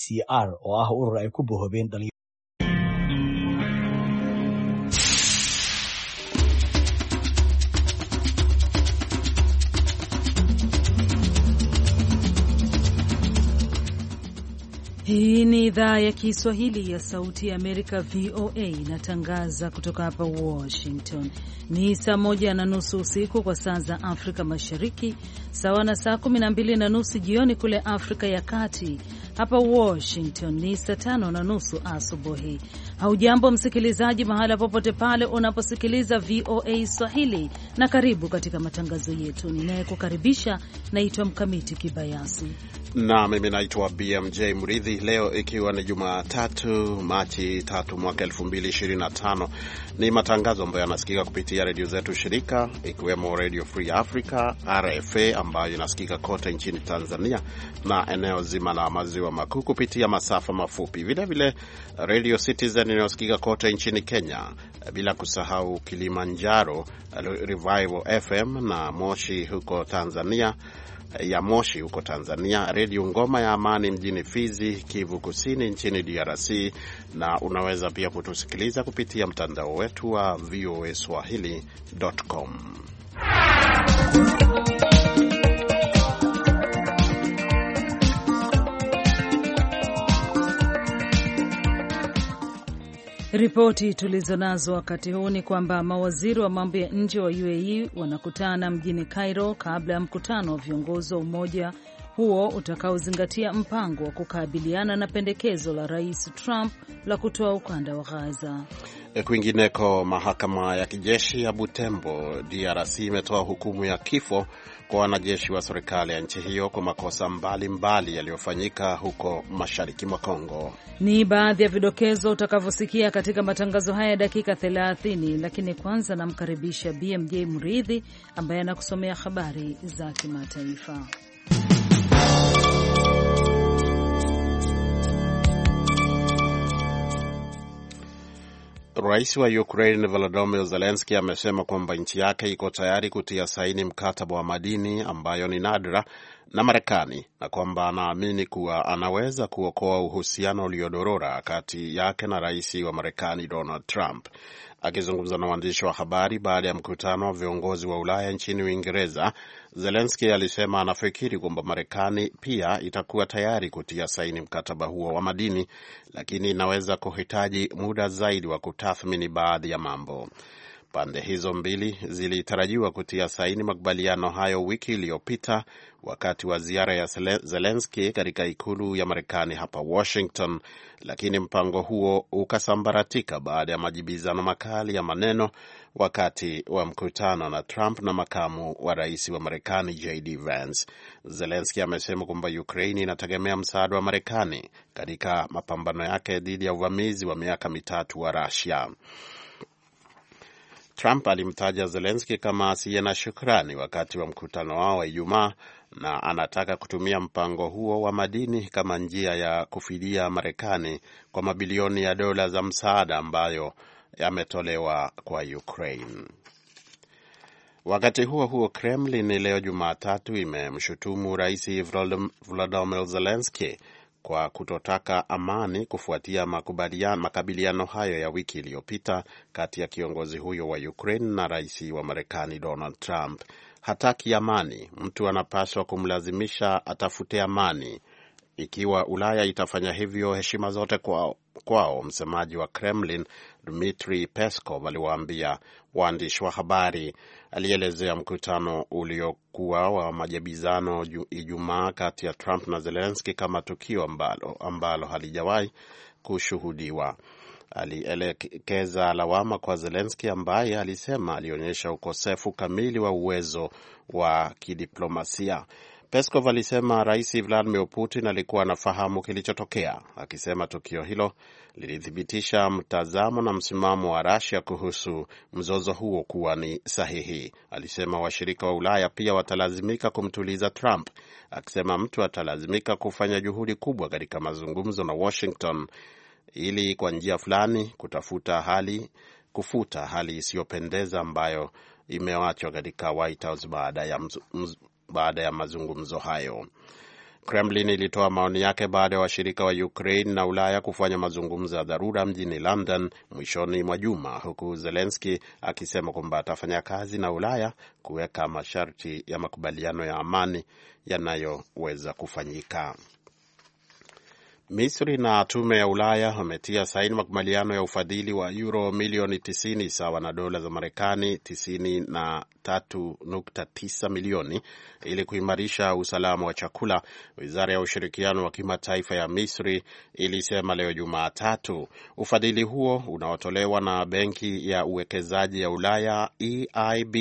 CR oo ah urur ay ku bohobeen dhalinyaro Hii ni idhaa ya Kiswahili ya Sauti ya Amerika, VOA, inatangaza kutoka hapa Washington. Ni saa moja na nusu usiku kwa saa za Afrika Mashariki, sawa na saa kumi na mbili na nusu jioni kule Afrika ya Kati. Hapa Washington ni saa tano na nusu asubuhi. Haujambo msikilizaji, mahala popote pale unaposikiliza VOA Swahili, na karibu katika matangazo yetu. Ninayekukaribisha naitwa Mkamiti Kibayasi na mimi naitwa BMJ Mridhi. Leo ikiwa ni Jumatatu, Machi tatu mwaka 2025 ni matangazo ambayo yanasikika kupitia redio zetu shirika, ikiwemo Redio Free Africa RFA ambayo inasikika kote nchini Tanzania na eneo zima la maziwa maziwa makuu kupitia masafa mafupi, vilevile Radio Citizen inayosikika kote nchini Kenya, bila kusahau Kilimanjaro Revival FM na Moshi huko Tanzania ya Moshi huko Tanzania, Redio Ngoma ya Amani mjini Fizi, Kivu Kusini nchini DRC, na unaweza pia kutusikiliza kupitia mtandao wetu wa voa Swahili.com. Ripoti tulizo nazo wakati huu ni kwamba mawaziri wa mambo ya nje wa UAE wanakutana mjini Cairo kabla ya mkutano wa viongozi wa umoja huo utakaozingatia mpango wa kukabiliana na pendekezo la Rais Trump la kutoa ukanda wa Gaza. Eh, kwingineko, mahakama ya kijeshi ya Butembo DRC imetoa hukumu ya kifo kwa wanajeshi wa serikali ya nchi hiyo kwa makosa mbalimbali yaliyofanyika huko mashariki mwa Kongo. Ni baadhi ya vidokezo utakavyosikia katika matangazo haya ya dakika 30, lakini kwanza namkaribisha BMJ Mridhi ambaye anakusomea habari za kimataifa. Rais wa Ukraine Volodymyr Zelensky amesema kwamba nchi yake iko tayari kutia saini mkataba wa madini ambayo ni nadra na Marekani na kwamba anaamini kuwa anaweza kuokoa uhusiano uliodorora kati yake na rais wa Marekani Donald Trump. Akizungumza na waandishi wa habari baada ya mkutano wa viongozi wa Ulaya nchini Uingereza, Zelenski alisema anafikiri kwamba Marekani pia itakuwa tayari kutia saini mkataba huo wa madini, lakini inaweza kuhitaji muda zaidi wa kutathmini baadhi ya mambo. Pande hizo mbili zilitarajiwa kutia saini makubaliano hayo wiki iliyopita wakati wa ziara ya Zelenski katika ikulu ya Marekani hapa Washington, lakini mpango huo ukasambaratika baada ya majibizano makali ya maneno wakati wa mkutano na Trump na makamu wa rais wa Marekani JD Vance. Zelenski amesema kwamba Ukraini inategemea msaada wa Marekani katika mapambano yake dhidi ya uvamizi wa miaka mitatu wa Rusia. Trump alimtaja Zelenski kama asiye na shukrani wakati wa mkutano wao wa Ijumaa na anataka kutumia mpango huo wa madini kama njia ya kufidia Marekani kwa mabilioni ya dola za msaada ambayo yametolewa kwa Ukraine. Wakati huo huo, Kremlin leo Jumatatu imemshutumu Rais Volodymyr zelenski kwa kutotaka amani kufuatia makabiliano hayo ya wiki iliyopita kati ya kiongozi huyo wa Ukraine na rais wa Marekani Donald Trump. Hataki amani, mtu anapaswa kumlazimisha atafute amani. Ikiwa Ulaya itafanya hivyo, heshima zote kwao kwao, msemaji wa Kremlin Dmitri Peskov aliwaambia waandishi wa habari. Alielezea mkutano uliokuwa wa majibizano Ijumaa kati ya Trump na Zelenski kama tukio ambalo, ambalo halijawahi kushuhudiwa. Alielekeza lawama kwa Zelenski ambaye alisema alionyesha ukosefu kamili wa uwezo wa kidiplomasia. Peskov alisema Rais Vladimir Putin alikuwa anafahamu kilichotokea, akisema tukio hilo lilithibitisha mtazamo na msimamo wa rasia kuhusu mzozo huo kuwa ni sahihi. Alisema washirika wa Ulaya pia watalazimika kumtuliza Trump, akisema mtu atalazimika kufanya juhudi kubwa katika mazungumzo na Washington ili kwa njia fulani kutafuta hali kufuta hali isiyopendeza ambayo imewachwa katika White House baada ya baada ya mazungumzo hayo. Kremlin ilitoa maoni yake baada ya washirika wa Ukraine na Ulaya kufanya mazungumzo ya dharura mjini London mwishoni mwa juma, huku Zelenski akisema kwamba atafanya kazi na Ulaya kuweka masharti ya makubaliano ya amani yanayoweza kufanyika. Misri na tume ya Ulaya wametia saini makubaliano ya ufadhili wa euro milioni 90 sawa na dola za Marekani 93.9 milioni ili kuimarisha usalama wa chakula, wizara ya ushirikiano wa kimataifa ya Misri ilisema leo Jumatatu. Ufadhili huo unaotolewa na Benki ya Uwekezaji ya Ulaya EIB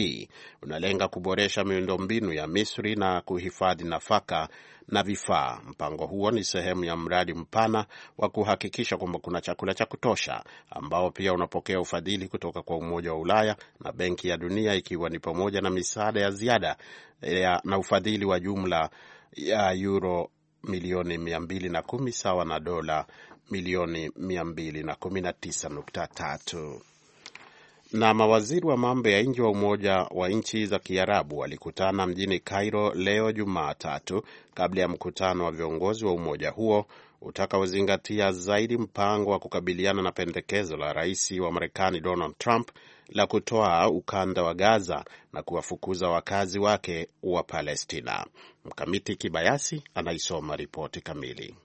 unalenga kuboresha miundombinu ya Misri na kuhifadhi nafaka na vifaa. Mpango huo ni sehemu ya mradi mpana wa kuhakikisha kwamba kuna chakula cha kutosha, ambao pia unapokea ufadhili kutoka kwa Umoja wa Ulaya na Benki ya Dunia, ikiwa ni pamoja na misaada ya ziada eh, na ufadhili wa jumla ya euro milioni kumi sawa na dola milioni 219.3 na mawaziri wa mambo ya nje wa Umoja wa Nchi za Kiarabu walikutana mjini Cairo leo Jumatatu, kabla ya mkutano wa viongozi wa umoja huo utakaozingatia zaidi mpango wa kukabiliana na pendekezo la rais wa Marekani Donald Trump la kutoa ukanda wa Gaza na kuwafukuza wakazi wake wa Palestina. Mkamiti Kibayasi anaisoma ripoti kamili.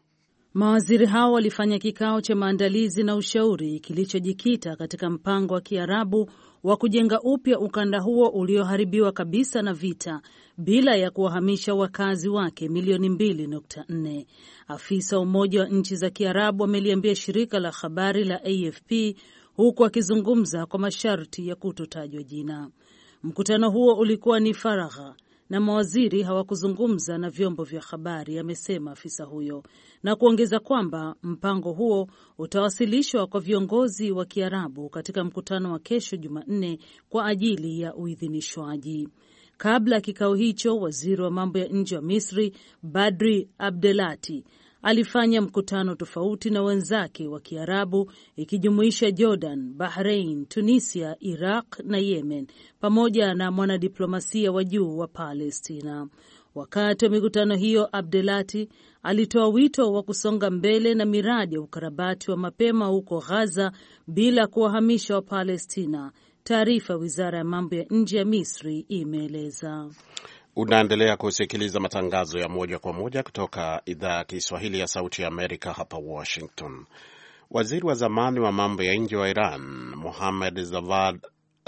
Mawaziri hao walifanya kikao cha maandalizi na ushauri kilichojikita katika mpango wa Kiarabu wa kujenga upya ukanda huo ulioharibiwa kabisa na vita bila ya kuwahamisha wakazi wake milioni 2.4. Afisa wa Umoja wa Nchi za Kiarabu ameliambia shirika la habari la AFP huku akizungumza kwa masharti ya kutotajwa jina. Mkutano huo ulikuwa ni faragha na mawaziri hawakuzungumza na vyombo vya habari, amesema afisa huyo na kuongeza kwamba mpango huo utawasilishwa kwa viongozi wa Kiarabu katika mkutano wa kesho Jumanne kwa ajili ya uidhinishwaji. Kabla ya kikao hicho, waziri wa mambo ya nje wa Misri Badri Abdelati alifanya mkutano tofauti na wenzake wa Kiarabu ikijumuisha Jordan, Bahrain, Tunisia, Iraq na Yemen pamoja na mwanadiplomasia wa juu wa Palestina. Wakati wa mikutano hiyo, Abdelati alitoa wito wa kusonga mbele na miradi ya ukarabati wa mapema huko ghaza bila kuwahamisha Wapalestina. Taarifa wizara ya mambo ya nje ya Misri imeeleza Unaendelea kusikiliza matangazo ya moja kwa moja kutoka idhaa ya Kiswahili ya Sauti ya Amerika hapa Washington. Waziri wa zamani wa mambo ya nje wa Iran muhamed Zavad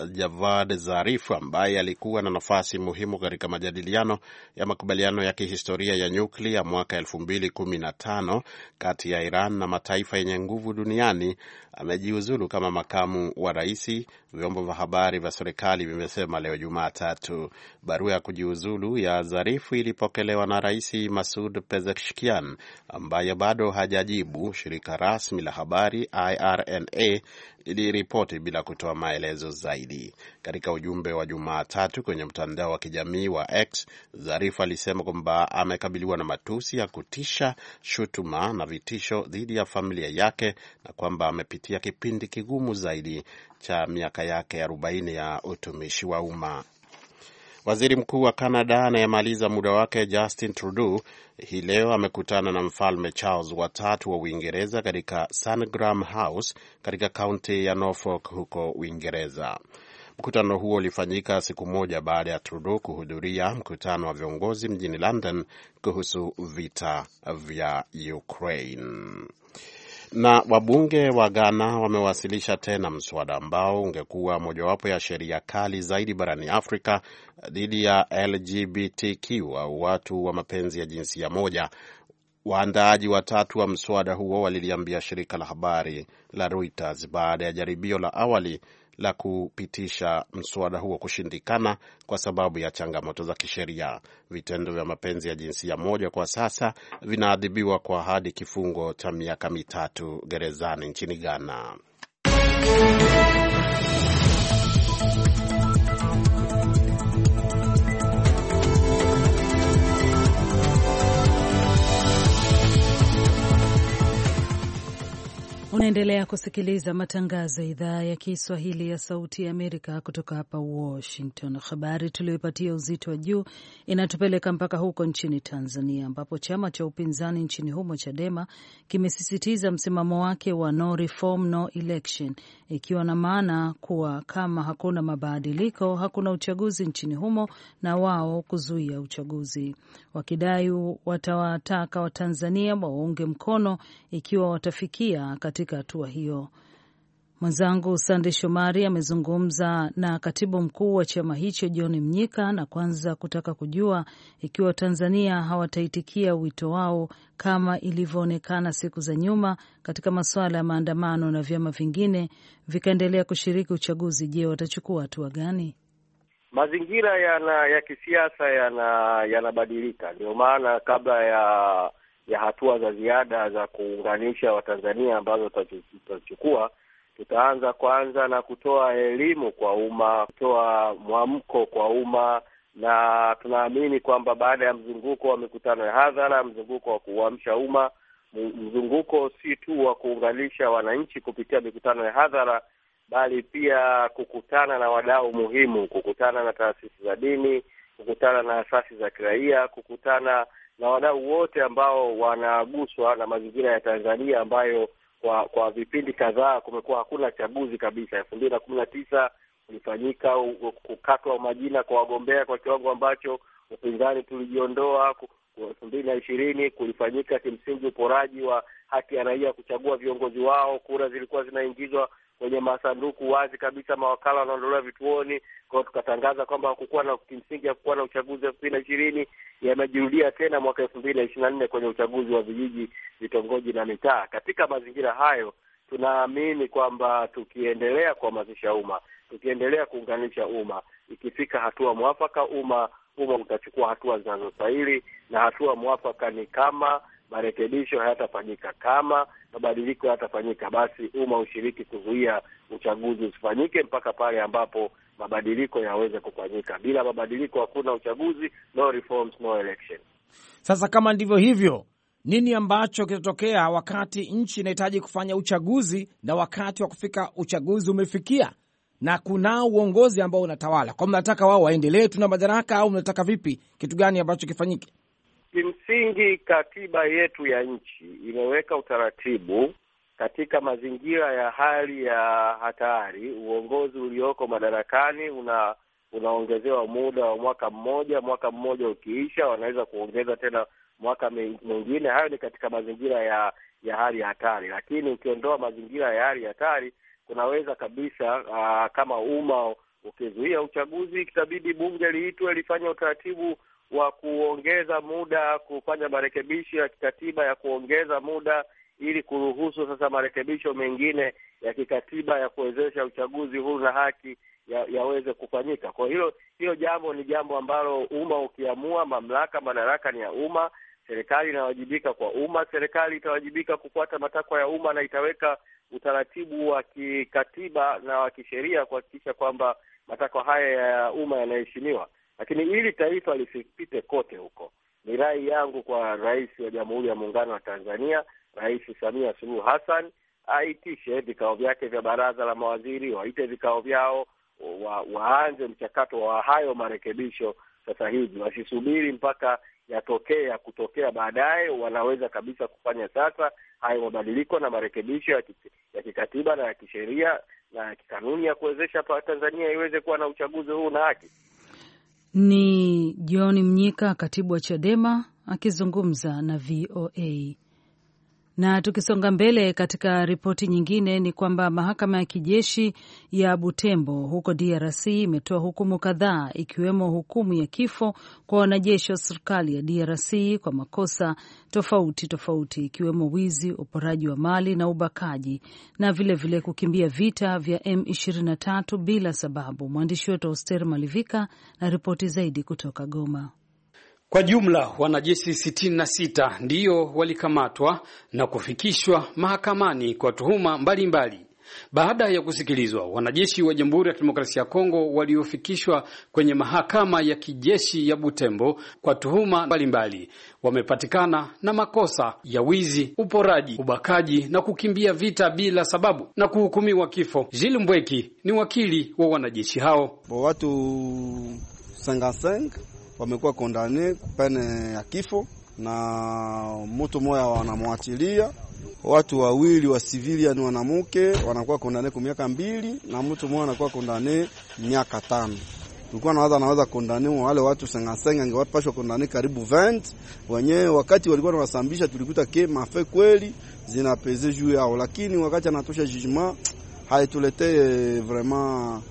Javad Zarif ambaye alikuwa na nafasi muhimu katika majadiliano ya makubaliano ya kihistoria ya nyuklia mwaka 2015 kati ya Iran na mataifa yenye nguvu duniani amejiuzulu kama makamu wa raisi, vyombo vya habari vya serikali vimesema leo Jumatatu. Barua ya kujiuzulu ya Zarifu ilipokelewa na Rais Masud Pezeshkian ambaye bado hajajibu, shirika rasmi la habari IRNA iliripoti bila kutoa maelezo zaidi. Katika ujumbe wa Jumatatu kwenye mtandao wa kijamii wa X, Zarif alisema kwamba amekabiliwa na matusi ya kutisha, shutuma na vitisho dhidi ya familia yake na kwamba amepitia kipindi kigumu zaidi cha miaka yake arobaini ya, ya utumishi wa umma. Waziri mkuu wa Canada anayemaliza muda wake Justin Trudeau hii leo amekutana na mfalme Charles watatu wa Uingereza katika Sandringham House katika kaunti ya Norfolk huko Uingereza. Mkutano huo ulifanyika siku moja baada ya Trudeau kuhudhuria mkutano wa viongozi mjini London kuhusu vita vya Ukraine. Na wabunge wa Ghana wamewasilisha tena mswada ambao ungekuwa mojawapo ya sheria kali zaidi barani Afrika dhidi ya LGBTQ au watu wa mapenzi ya jinsia moja. Waandaaji watatu wa mswada huo waliliambia shirika la habari la Reuters baada ya jaribio la awali la kupitisha mswada huo kushindikana kwa sababu ya changamoto za kisheria. Vitendo vya mapenzi ya jinsia moja kwa sasa vinaadhibiwa kwa hadi kifungo cha miaka mitatu gerezani nchini Ghana. Unaendelea kusikiliza matangazo ya idhaa ya Kiswahili ya Sauti ya Amerika kutoka hapa Washington. Habari tuliyoipatia uzito wa juu inatupeleka mpaka huko nchini Tanzania, ambapo chama cha upinzani nchini humo CHADEMA kimesisitiza msimamo wake wa no reform, no election, ikiwa na maana kuwa kama hakuna mabadiliko hakuna uchaguzi nchini humo, na wao kuzuia uchaguzi, wakidai watawataka Watanzania waunge mkono ikiwa watafikia kati katika hatua hiyo. Mwenzangu Sande Shomari amezungumza na katibu mkuu wa chama hicho John Mnyika na kwanza kutaka kujua ikiwa Tanzania hawataitikia wito wao kama ilivyoonekana siku za nyuma katika masuala ya maandamano na vyama vingine vikaendelea kushiriki uchaguzi. Je, watachukua hatua gani? Mazingira yana ya kisiasa yanabadilika, ndio maana kabla ya ya hatua za ziada za kuunganisha Watanzania ambazo tutachukua, Tutaanza kwanza na kutoa elimu kwa umma, kutoa mwamko kwa umma, na tunaamini kwamba baada ya mzunguko wa mikutano ya hadhara, mzunguko wa kuamsha umma, mzunguko si tu wa kuunganisha wananchi kupitia mikutano ya hadhara, bali pia kukutana na wadau muhimu, kukutana na taasisi za dini, kukutana na asasi za kiraia, kukutana na wadau wote ambao wanaguswa na mazingira ya Tanzania ambayo kwa kwa vipindi kadhaa kumekuwa hakuna chaguzi kabisa. elfu mbili na kumi na tisa kulifanyika kukatwa majina kwa wagombea kwa kiwango ambacho upinzani tulijiondoa elfu mbili na ishirini kulifanyika kimsingi uporaji wa haki ya raia kuchagua viongozi wao. Kura zilikuwa zinaingizwa kwenye masanduku wazi kabisa, mawakala wanaondolewa vituoni kwao. Tukatangaza kwamba hakukuwa na kimsingi, hakukuwa na uchaguzi elfu mbili na ishirini. Yamejirudia tena mwaka elfu mbili na ishirini na nne kwenye uchaguzi wa vijiji, vitongoji na mitaa. Katika mazingira hayo, tunaamini kwamba tukiendelea kuhamasisha umma, tukiendelea kuunganisha umma, ikifika hatua mwafaka umma mfumo utachukua hatua zinazostahili, na hatua mwafaka ni kama marekebisho hayatafanyika, kama mabadiliko hayatafanyika, basi umma ushiriki kuzuia uchaguzi usifanyike mpaka pale ambapo mabadiliko yaweze kufanyika. Bila mabadiliko hakuna uchaguzi, no reforms, no election. Sasa kama ndivyo hivyo, nini ambacho kitatokea wakati nchi inahitaji kufanya uchaguzi na wakati wa kufika uchaguzi umefikia? na kuna uongozi ambao unatawala kwa, mnataka wao waendelee tuna madaraka au mnataka vipi? Kitu gani ambacho kifanyike? Kimsingi, katiba yetu ya nchi imeweka utaratibu katika mazingira ya hali ya hatari, uongozi ulioko madarakani una unaongezewa muda wa mwaka mmoja. Mwaka mmoja ukiisha, wanaweza kuongeza tena mwaka mwingine. Hayo ni katika mazingira ya ya hali ya hatari, lakini ukiondoa mazingira ya hali ya hatari, unaweza kabisa aa, ah, kama umma ukizuia uchaguzi, itabidi bunge liitwe lifanya utaratibu wa kuongeza muda, kufanya marekebisho ya kikatiba ya kuongeza muda ili kuruhusu sasa marekebisho mengine ya kikatiba ya kuwezesha uchaguzi huru na haki yaweze ya kufanyika. Kwa hiyo hilo jambo ni jambo ambalo umma ukiamua, mamlaka madaraka ni ya umma, serikali inawajibika kwa umma, serikali itawajibika kufuata matakwa ya umma na itaweka utaratibu wa kikatiba na wa kisheria kuhakikisha kwamba matakwa haya ya umma yanaheshimiwa, lakini ili taifa lisipite kote huko. Ni rai yangu kwa Rais wa Jamhuri ya Muungano wa Tanzania, Rais Samia Suluhu Hassan aitishe vikao vyake vya baraza la mawaziri, waite vikao vyao, wa, waanze mchakato wa hayo marekebisho sasa hivi, wasisubiri mpaka yatokee ya kutokea baadaye, wanaweza kabisa kufanya sasa hayo mabadiliko na marekebisho ya, ya kikatiba na ya kisheria na ya kikanuni ya kuwezesha Tanzania iweze kuwa na uchaguzi huu na haki. Ni John Mnyika, katibu wa Chadema, akizungumza na VOA. Na tukisonga mbele katika ripoti nyingine ni kwamba mahakama ya kijeshi ya Butembo huko DRC imetoa hukumu kadhaa ikiwemo hukumu ya kifo kwa wanajeshi wa serikali ya DRC kwa makosa tofauti tofauti ikiwemo wizi, uporaji wa mali na ubakaji na vilevile vile kukimbia vita vya M23 bila sababu. Mwandishi wetu Auster Malivika na ripoti zaidi kutoka Goma. Kwa jumla wanajeshi sitini na sita ndiyo walikamatwa na kufikishwa mahakamani kwa tuhuma mbalimbali mbali. Baada ya kusikilizwa, wanajeshi wa Jamhuri ya Kidemokrasia ya Kongo waliofikishwa kwenye mahakama ya kijeshi ya Butembo kwa tuhuma mbalimbali wamepatikana na makosa ya wizi, uporaji, ubakaji na kukimbia vita bila sababu na kuhukumiwa kifo. Jili Mbweki ni wakili wa wanajeshi hao. Bo watu 55 wamekuwa kondane kupene ya kifo na moto moya wanamwachilia watu wawili wa civilian wanamuke wanakuwa kondane kwa miaka mbili na mtu mmoja anakuwa kondane miaka tano. Tulikuwa nawaza naweza kondane wale watu senga sengasenga angewapashwa kondane karibu 20 wenyewe, wakati walikuwa wanawasambisha, tulikuta ke mafe kweli zinapeze juu yao, lakini wakati anatosha jijima haituletee eh, vraiment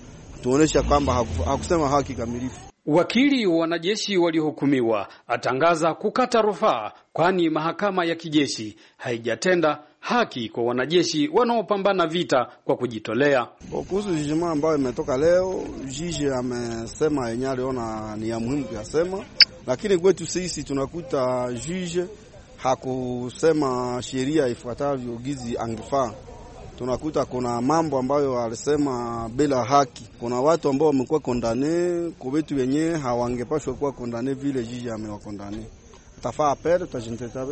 tuonesha kwamba hakusema haki kamilifu. Wakili wa wanajeshi waliohukumiwa atangaza kukata rufaa, kwani mahakama ya kijeshi haijatenda haki kwa wanajeshi wanaopambana vita kwa kujitolea. Kuhusu jijima ambayo imetoka leo, jiji amesema yenye aliona ni ya muhimu kuyasema, lakini kwetu sisi tunakuta jiji hakusema sheria ifuatavyo gizi angefaa tunakuta kuna mambo ambayo alisema bila haki. Kuna watu ambao wamekuwa kondane kwa vitu wenyewe hawangepashwa kuwa kondane, vile jiji amewakondane. Tafaa apele,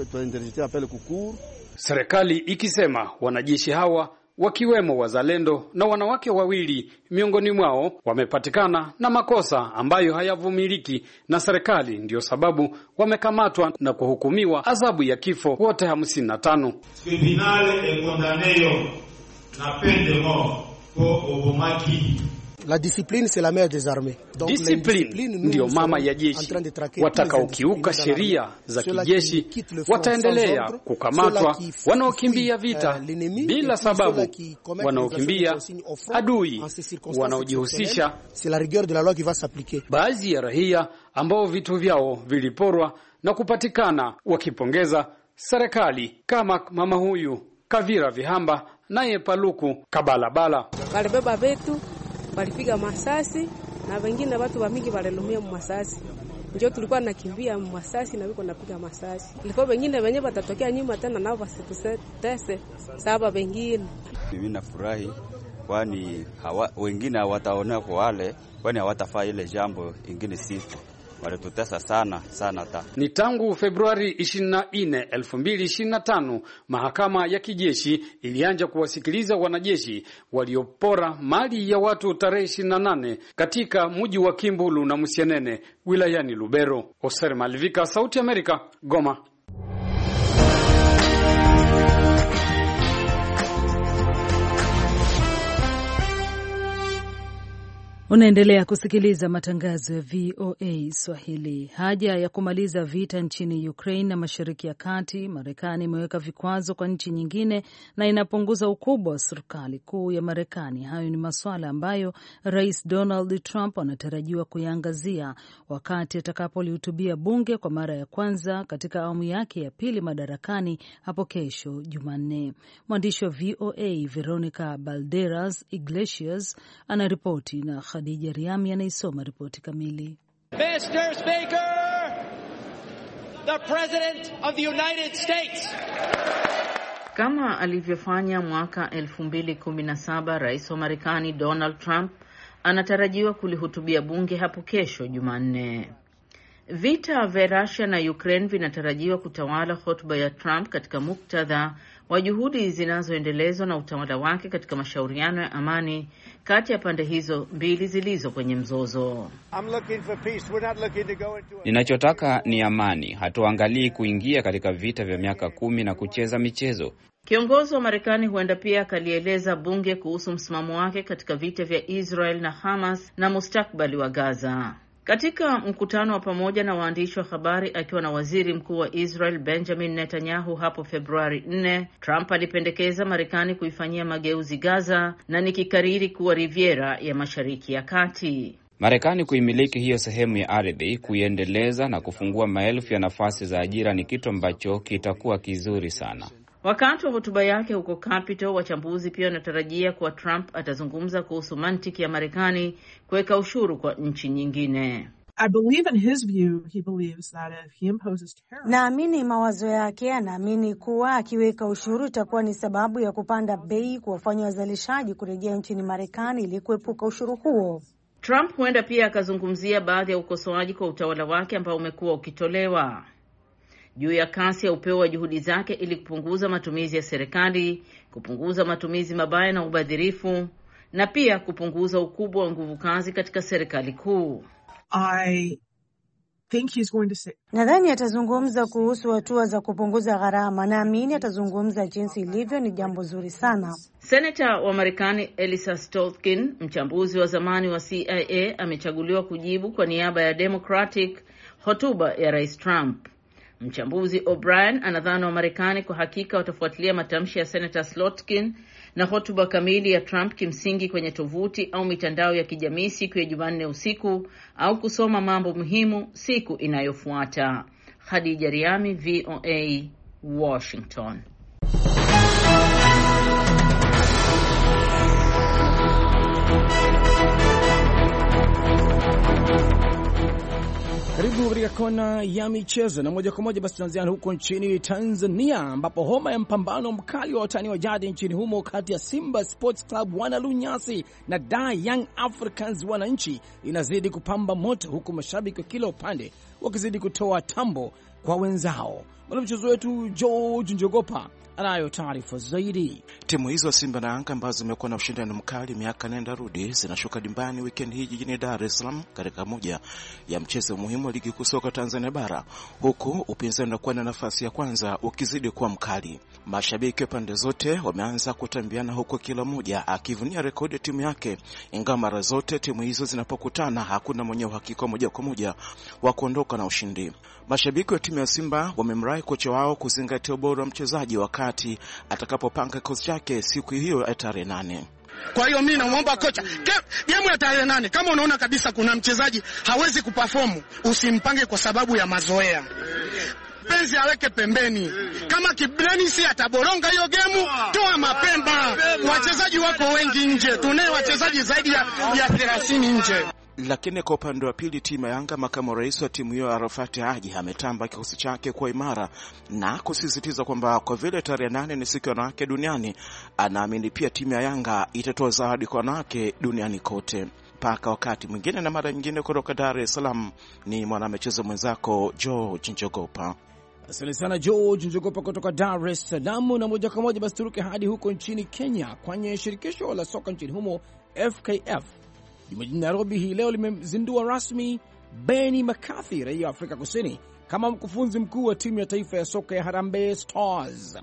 tutainterjetia apele kukuru, serikali ikisema wanajeshi hawa wakiwemo wazalendo na wanawake wawili miongoni mwao wamepatikana na makosa ambayo hayavumiliki na serikali, ndiyo sababu wamekamatwa na kuhukumiwa adhabu ya kifo wote hamsini na tano la peine de mort pour Obomaki. La discipline c'est la mère des armées. Donc discipline ndiyo mama ya jeshi. Watakaokiuka sheria za kijeshi wataendelea kukamatwa, wanaokimbia vita euh, bila sababu, wanaokimbia adui, wanaojihusisha. Baadhi ya raia ambao vitu vyao viliporwa na kupatikana wakipongeza serikali kama mama huyu Kavira Vihamba naye Paluku Kabalabala balibeba vetu balipiga masasi na vengine vatu vamingi valilumia masasi njo tulikuwa nakimbia masasi na viko napiga masasi, liko vengine venye vatatokea nyuma tena nao vasitutese saba vengine. Mimi nafurahi kwani hawa, wengine hawataonea kwa wale kwani hawatafaa ile jambo ingine sifa walitutesa sana sana ta. Ni tangu Februari 24, 2025 mahakama ya kijeshi ilianza kuwasikiliza wanajeshi waliopora mali ya watu tarehe 28 katika mji wa Kimbulu na Musienene wilayani Lubero. Oser Malivika, Sauti Amerika, Goma. Unaendelea kusikiliza matangazo ya VOA Swahili. Haja ya kumaliza vita nchini Ukraine na Mashariki ya Kati, Marekani imeweka vikwazo kwa nchi nyingine na inapunguza ukubwa wa serikali kuu ya Marekani. Hayo ni masuala ambayo Rais Donald Trump anatarajiwa kuyaangazia wakati atakapolihutubia bunge kwa mara ya kwanza katika awamu yake ya pili madarakani hapo kesho Jumanne. Mwandishi wa VOA Veronica Balderas Iglesias anaripoti na Khadija Riami anaisoma ripoti kamili. Mr. Speaker, the President of the United States. Kama alivyofanya mwaka 2017 rais wa Marekani Donald Trump anatarajiwa kulihutubia bunge hapo kesho Jumanne. Vita vya Russia na Ukraine vinatarajiwa kutawala hotuba ya Trump katika muktadha wa juhudi zinazoendelezwa na utawala wake katika mashauriano ya amani kati ya pande hizo mbili zilizo kwenye mzozo. Ninachotaka ni amani, hatuangalii kuingia katika vita vya miaka kumi na kucheza michezo. Kiongozi wa Marekani huenda pia akalieleza bunge kuhusu msimamo wake katika vita vya Israel na Hamas na mustakbali wa Gaza. Katika mkutano wa pamoja na waandishi wa habari akiwa na waziri mkuu wa Israel Benjamin Netanyahu hapo Februari 4, Trump alipendekeza Marekani kuifanyia mageuzi Gaza na nikikariri kuwa Riviera ya Mashariki ya Kati. Marekani kuimiliki hiyo sehemu ya ardhi, kuiendeleza na kufungua maelfu ya nafasi za ajira ni kitu ambacho kitakuwa kizuri sana. Wakati wa hotuba yake huko Capitol, wachambuzi pia wanatarajia kuwa Trump atazungumza kuhusu mantiki ya Marekani kuweka ushuru kwa nchi nyingine. Naamini mawazo yake, anaamini kuwa akiweka ushuru itakuwa ni sababu ya kupanda bei, kuwafanya wazalishaji kurejea nchini Marekani ili kuepuka ushuru huo. Trump huenda pia akazungumzia baadhi ya ukosoaji kwa utawala wake ambao umekuwa ukitolewa juu ya kasi ya upeo wa juhudi zake ili kupunguza matumizi ya serikali, kupunguza matumizi mabaya na ubadhirifu, na pia kupunguza ukubwa wa nguvu kazi katika serikali kuu. I... Nadhani atazungumza kuhusu hatua za kupunguza gharama. Naamini atazungumza jinsi ilivyo, ni jambo zuri sana. Senata wa Marekani Elisa Stolkin, mchambuzi wa zamani wa CIA, amechaguliwa kujibu kwa niaba ya Democratic hotuba ya Rais Trump. Mchambuzi O'Brien anadhana wa Marekani kwa hakika watafuatilia matamshi ya Senator Slotkin na hotuba kamili ya Trump kimsingi kwenye tovuti au mitandao ya kijamii siku ya Jumanne usiku au kusoma mambo muhimu siku inayofuata. hadija Riami, VOA, Washington. Karibu katika kona ya michezo na moja kwa moja basi, tunaanzia huko nchini Tanzania ambapo homa ya mpambano mkali wa watani wa jadi nchini humo kati ya Simba Sports Club Lunyasi na Da Young Africans wananchi inazidi kupamba moto, huku mashabiki wa kila upande wakizidi kutoa tambo kwa wenzao. Mwanamchezo wetu George Njogopa anayo taarifa zaidi. Timu hizo Simba na Yanga ambazo zimekuwa na ushindani mkali miaka nenda rudi zinashuka dimbani wikendi hii jijini Dar es Salaam katika moja ya mchezo muhimu wa ligi kuu soka Tanzania Bara, huku upinzani unakuwa na nafasi ya kwanza ukizidi kuwa mkali. Mashabiki wa pande zote wameanza kutambiana, huku kila mmoja akivunia rekodi ya timu yake, ingawa mara zote timu hizo zinapokutana hakuna mwenye uhakika moja kwa moja wa kuondoka na ushindi. Mashabiki wa timu ya Simba wamemrai kocha wao kuzingatia ubora wa mchezaji wakati atakapopanga kikosi chake siku hiyo ya tarehe nane. Kwa hiyo mi namwomba kocha, gemu ya tarehe nane, kama unaona kabisa kuna mchezaji hawezi kupafomu usimpange kwa sababu ya mazoea mapenzi aweke pembeni. Kama si ataboronga hiyo gemu, toa Mapemba. Wachezaji wako wengi nje, tunaye wachezaji zaidi ya 30 nje. Lakini kwa upande wa pili, timu ya Yanga, makamu rais wa timu hiyo Arafati Haji ametamba kikosi chake kwa imara na kusisitiza kwamba kwa vile tarehe nane ni siku ya wanawake duniani, anaamini pia timu ya Yanga itatoa zawadi kwa wanawake duniani kote. Mpaka wakati mwingine na mara nyingine, kutoka Dar es Salaam ni mwanamichezo mwenzako George Njogopa. Asante sana George Njogopa kutoka Dar es Salaam. Na moja kwa moja basi turuke hadi huko nchini Kenya kwenye shirikisho la soka nchini humo FKF jijini Nairobi hii leo limezindua rasmi Benny McCarthy, raia wa Afrika Kusini, kama mkufunzi mkuu wa timu ya taifa ya soka ya Harambee Stars.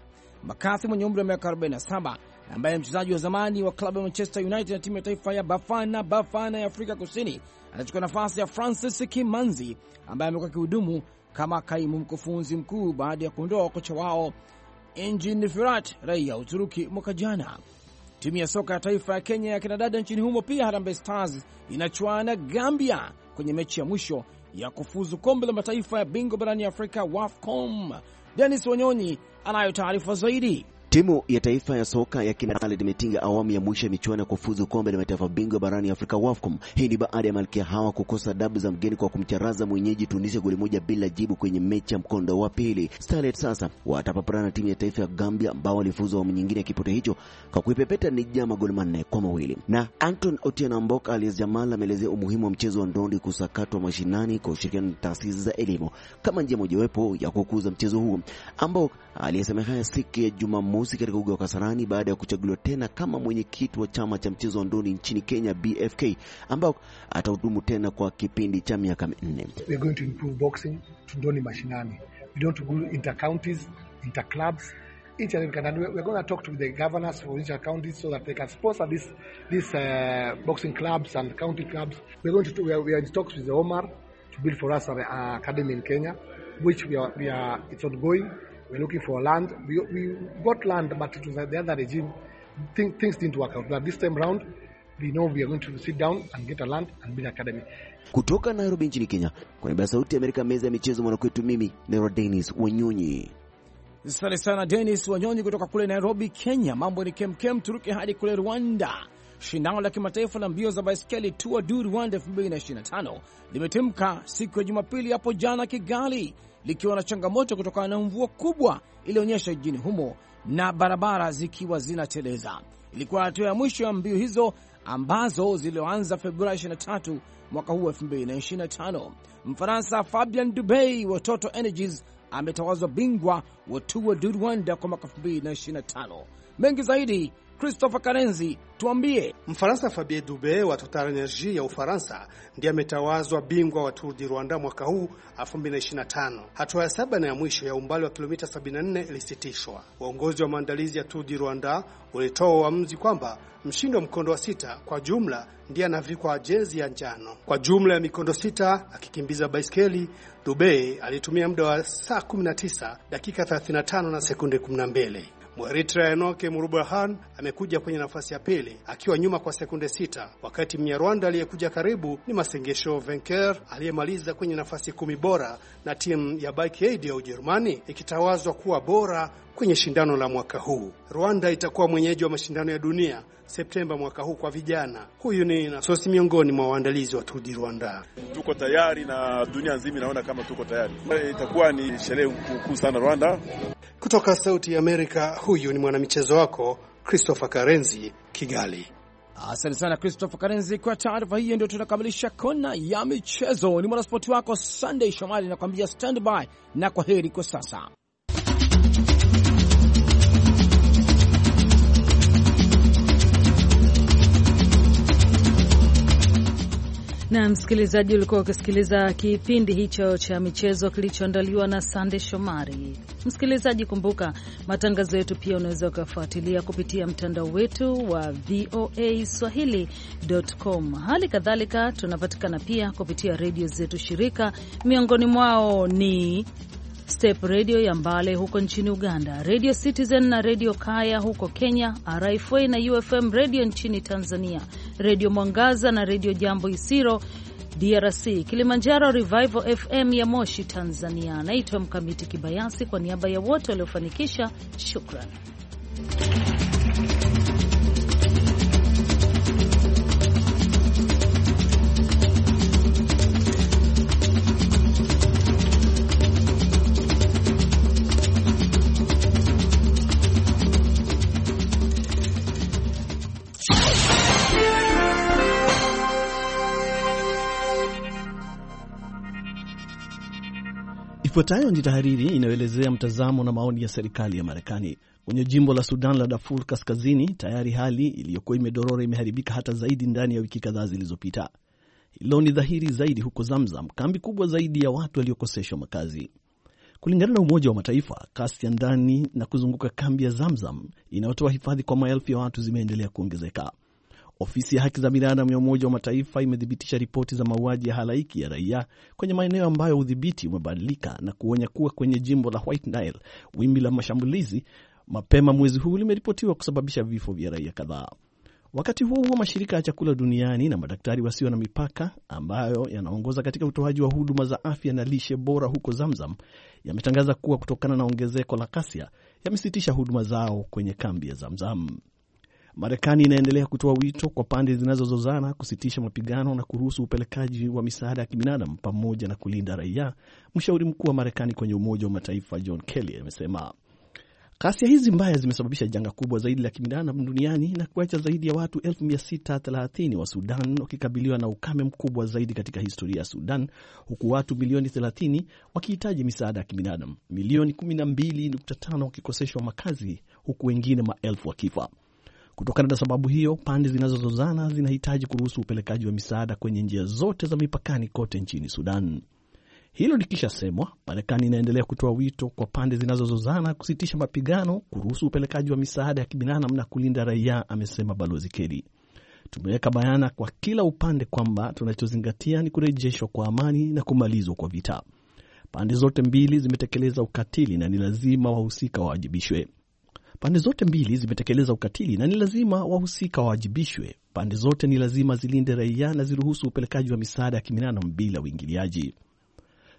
McCarthy mwenye umri wa miaka 47 ambaye mchezaji wa zamani wa klabu ya Manchester United na timu ya taifa ya Bafana Bafana ya Afrika Kusini anachukua nafasi ya Francis Kimanzi ambaye amekuwa kihudumu kama kaimu mkufunzi mkuu baada ya kuondoa kocha wao Engin Firat, raia Uturuki, mwaka jana. Timu ya soka ya taifa ya Kenya ya kinadada nchini humo pia Harambee Stars inachuana Gambia kwenye mechi ya mwisho ya kufuzu kombe la mataifa ya bingwa barani Afrika, WAFCON. Denis Wanyonyi anayo taarifa zaidi. Timu ya taifa ya soka ya kina imetinga awamu ya mwisho ya michuano ya kufuzu kombe la mataifa bingwa barani Afrika WAFCON. Hii ni baada ya malkia hawa kukosa dabu za mgeni kwa kumcharaza mwenyeji Tunisia goli moja bila jibu kwenye mechi ya mkondo wa pili. Starlet sasa watapapana na timu ya taifa ya Gambia ambao walifuzu awamu nyingine ya kipote hicho kwa kuipepeta jama magoli manne kwa mawili. Na Anton Otieno Mboka alias Jamal ameelezea umuhimu wa mchezo wa ndondi kusakatwa mashinani kwa ushirikiano na taasisi za elimu kama njia mojawapo ya kukuza mchezo huo. Ambok aliyesema haya siku ya Jumamosi Nyeusi katika uga wa Kasarani baada ya kuchaguliwa tena kama mwenyekiti wa chama cha mchezo wa ndondi nchini Kenya BFK, ambao atahudumu tena kwa kipindi cha miaka minne. We are going to improve boxing, tundoni mashinani. We don't go inter counties, inter clubs. Each and are going to talk to the governors for each county so that they can sponsor this this uh, boxing clubs and county clubs. We're going to we are, we are in talks with the Omar to build for us an uh, academy in Kenya which we are, we are it's ongoing. We're looking for land. We, we got land, but it was at the other regime. Think, things didn't work out. But this time round, we know we are going to sit down and get a land and build an academy. Kutoka Nairobi nchini Kenya, kwa niaba ya Sauti ya Amerika, meza ya michezo, mwanakwetu mimi Nero Dennis Wanyonyi. Asante sana Dennis Wanyonyi kutoka kule Nairobi, Kenya. Mambo ni kemkem, turuke hadi kule Rwanda. Shindano la kimataifa la mbio za baiskeli Tour du Rwanda 2025 limetimka siku ya Jumapili hapo jana Kigali likiwa na changamoto kutokana na mvua kubwa iliyoonyesha jijini humo na barabara zikiwa zinateleza. Ilikuwa hatua ya mwisho ya mbio hizo ambazo zilioanza Februari 23 mwaka huu 2025. Mfaransa Fabian Dubey wa Total Energies ametawazwa bingwa wa Tour du Rwanda kwa mwaka 2025. Mengi zaidi Christopher Karenzi, tuambie. Mfaransa Fabien Dube wa Total Energy ya Ufaransa ndiye ametawazwa bingwa wa Tour du Rwanda mwaka huu 2025. Hatua ya saba na ya mwisho ya umbali wa kilomita 74 ilisitishwa. Uongozi wa maandalizi ya Tour du Rwanda ulitoa uamuzi kwamba mshindi wa mkondo wa sita kwa jumla ndiye anavikwa jezi ya njano. Kwa jumla ya mikondo sita akikimbiza baiskeli, Dube alitumia muda wa saa 19 dakika 35 na sekunde 12. Mweritrea Enoke Murubahan amekuja kwenye nafasi ya pili akiwa nyuma kwa sekunde sita, wakati Mnyarwanda aliyekuja karibu ni Masengesho Venker aliyemaliza kwenye nafasi kumi bora, na timu ya Bike Aid ya Ujerumani ikitawazwa kuwa bora kwenye shindano la mwaka huu. Rwanda itakuwa mwenyeji wa mashindano ya dunia Septemba mwaka huu kwa vijana. Huyu ni Nasosi, miongoni mwa waandalizi wa Tour Rwanda. Tuko tayari na dunia nzima inaona kama tuko tayari, eh, itakuwa ni sherehe kuu sana Rwanda. Kutoka Sauti ya Amerika, huyu ni mwanamichezo wako Christopher Karenzi, Kigali. Asante sana Christopher Karenzi kwa taarifa hiyo. Ndio tunakamilisha kona ya michezo. Ni mwanaspoti wako Sunday shomari nakwambia standby na kwa heri kwa sasa. Na msikilizaji, ulikuwa ukisikiliza kipindi hicho cha michezo kilichoandaliwa na Sande Shomari. Msikilizaji, kumbuka matangazo yetu pia unaweza ukafuatilia kupitia mtandao wetu wa VOA Swahili.com. Hali kadhalika tunapatikana pia kupitia redio zetu shirika, miongoni mwao ni Step redio ya Mbale huko nchini Uganda, redio Citizen na redio Kaya huko Kenya, RFA na UFM redio nchini Tanzania, redio Mwangaza na redio Jambo Isiro DRC, Kilimanjaro Revival FM ya Moshi, Tanzania. Naitwa Mkamiti Kibayasi, kwa niaba ya wote waliofanikisha, shukran. Ifuatayo ni tahariri inayoelezea mtazamo na maoni ya serikali ya Marekani. Kwenye jimbo la Sudan la Darfur Kaskazini, tayari hali iliyokuwa imedorora imeharibika hata zaidi ndani ya wiki kadhaa zilizopita. Hilo ni dhahiri zaidi huko Zamzam, kambi kubwa zaidi ya watu waliokoseshwa makazi. Kulingana na Umoja wa Mataifa, kasi ya ndani na kuzunguka kambi ya Zamzam inayotoa hifadhi kwa maelfu ya watu zimeendelea kuongezeka. Ofisi ya haki za binadamu ya Umoja wa Mataifa imethibitisha ripoti za mauaji ya halaiki ya raia kwenye maeneo ambayo udhibiti umebadilika na kuonya kuwa kwenye jimbo la White Nile wimbi la mashambulizi mapema mwezi huu limeripotiwa kusababisha vifo vya raia kadhaa. Wakati huo huo, mashirika ya chakula duniani na madaktari wasio na mipaka ambayo yanaongoza katika utoaji wa huduma za afya na lishe bora huko Zamzam yametangaza kuwa kutokana na ongezeko la ghasia yamesitisha huduma zao kwenye kambi ya Zamzam. Marekani inaendelea kutoa wito kwa pande zinazozozana kusitisha mapigano na kuruhusu upelekaji wa misaada ya kibinadamu pamoja na kulinda raia, mshauri mkuu wa Marekani kwenye Umoja wa Mataifa John Kelly amesema. Ghasia hizi mbaya zimesababisha janga kubwa zaidi la kibinadamu duniani na kuacha zaidi ya watu 630 wa Sudan wakikabiliwa na ukame mkubwa zaidi katika historia ya Sudan, huku watu milioni 30 wakihitaji misaada ya kibinadamu, milioni 12.5 wakikoseshwa makazi, huku wengine maelfu wakifa. Kutokana na sababu hiyo, pande zinazozozana zinahitaji kuruhusu upelekaji wa misaada kwenye njia zote za mipakani kote nchini Sudan. Hilo likishasemwa, Marekani inaendelea kutoa wito kwa pande zinazozozana kusitisha mapigano, kuruhusu upelekaji wa misaada ya kibinadamu na kulinda raia, amesema Balozi Keri. Tumeweka bayana kwa kila upande kwamba tunachozingatia ni kurejeshwa kwa amani na kumalizwa kwa vita. Pande zote mbili zimetekeleza ukatili na ni lazima wahusika wawajibishwe. Pande zote mbili zimetekeleza ukatili na ni lazima wahusika wawajibishwe. Pande zote ni lazima zilinde raia na ziruhusu upelekaji wa misaada ya kibinadamu bila uingiliaji.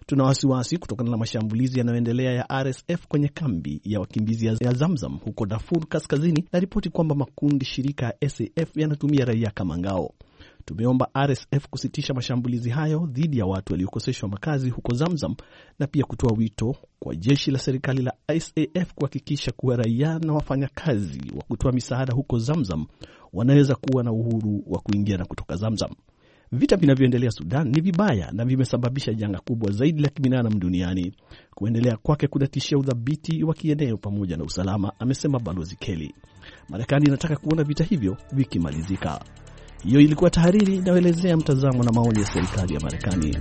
Tuna wasiwasi kutokana na mashambulizi yanayoendelea ya RSF kwenye kambi ya wakimbizi ya Zamzam huko Darfur Kaskazini, na ripoti kwamba makundi shirika ya SAF yanatumia raia kama ngao. Tumeomba RSF kusitisha mashambulizi hayo dhidi ya watu waliokoseshwa makazi huko Zamzam na pia kutoa wito kwa jeshi la serikali la SAF kuhakikisha kuwa raia na wafanyakazi wa kutoa misaada huko Zamzam wanaweza kuwa na uhuru wa kuingia na kutoka Zamzam. Vita vinavyoendelea Sudan ni vibaya na vimesababisha janga kubwa zaidi la kibinadamu duniani. Kuendelea kwake kunatishia udhabiti wa kieneo pamoja na usalama, amesema Balozi Kelly. Marekani inataka kuona vita hivyo vikimalizika. Hiyo ilikuwa tahariri inayoelezea mtazamo na maoni ya serikali ya Marekani.